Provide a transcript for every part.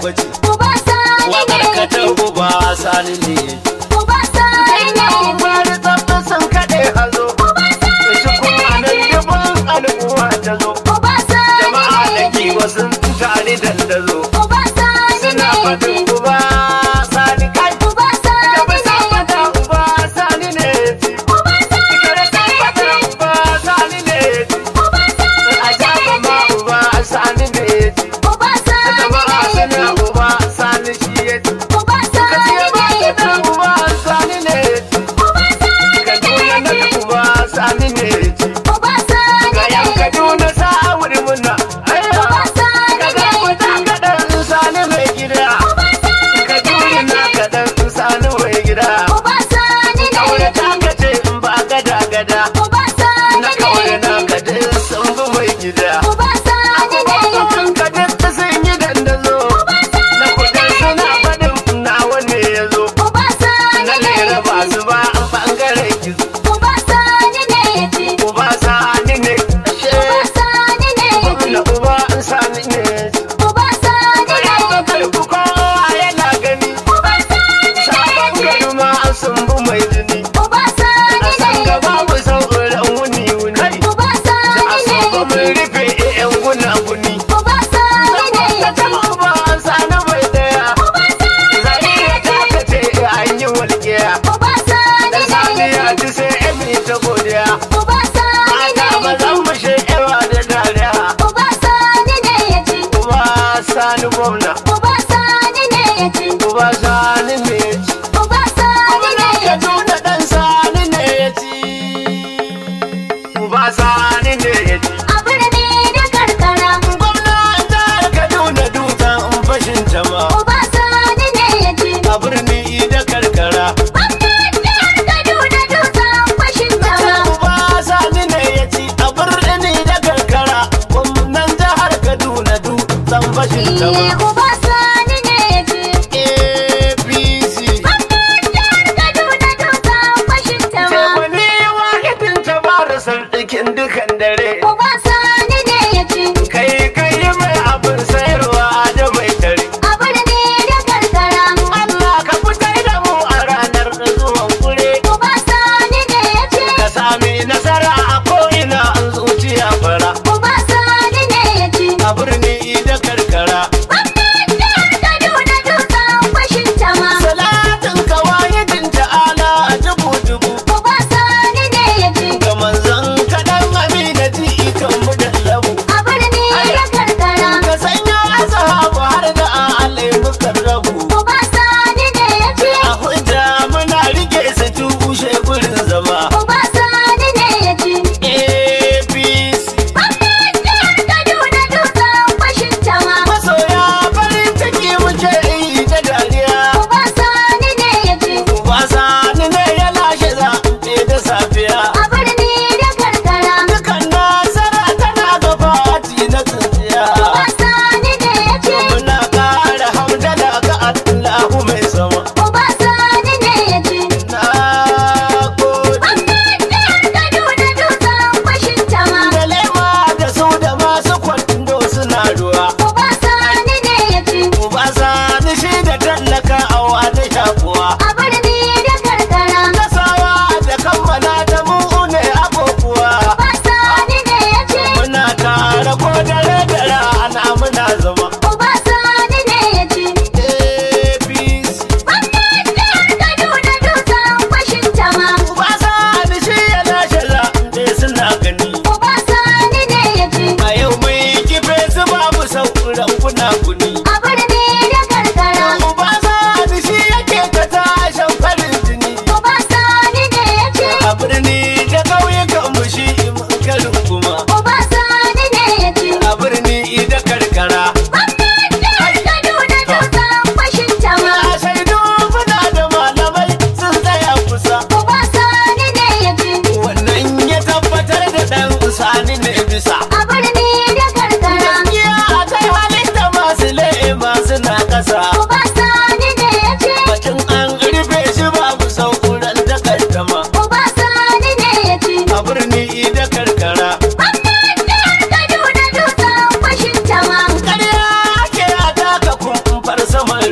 kwace uba sani ne Wa uba sani ne uba sani ne umar tabbasan kaɗe hazo uba sani ne kuma nan gaban al'umma ta zo uba sani ne jama'a da kiwa sun tare dandazo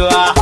do I?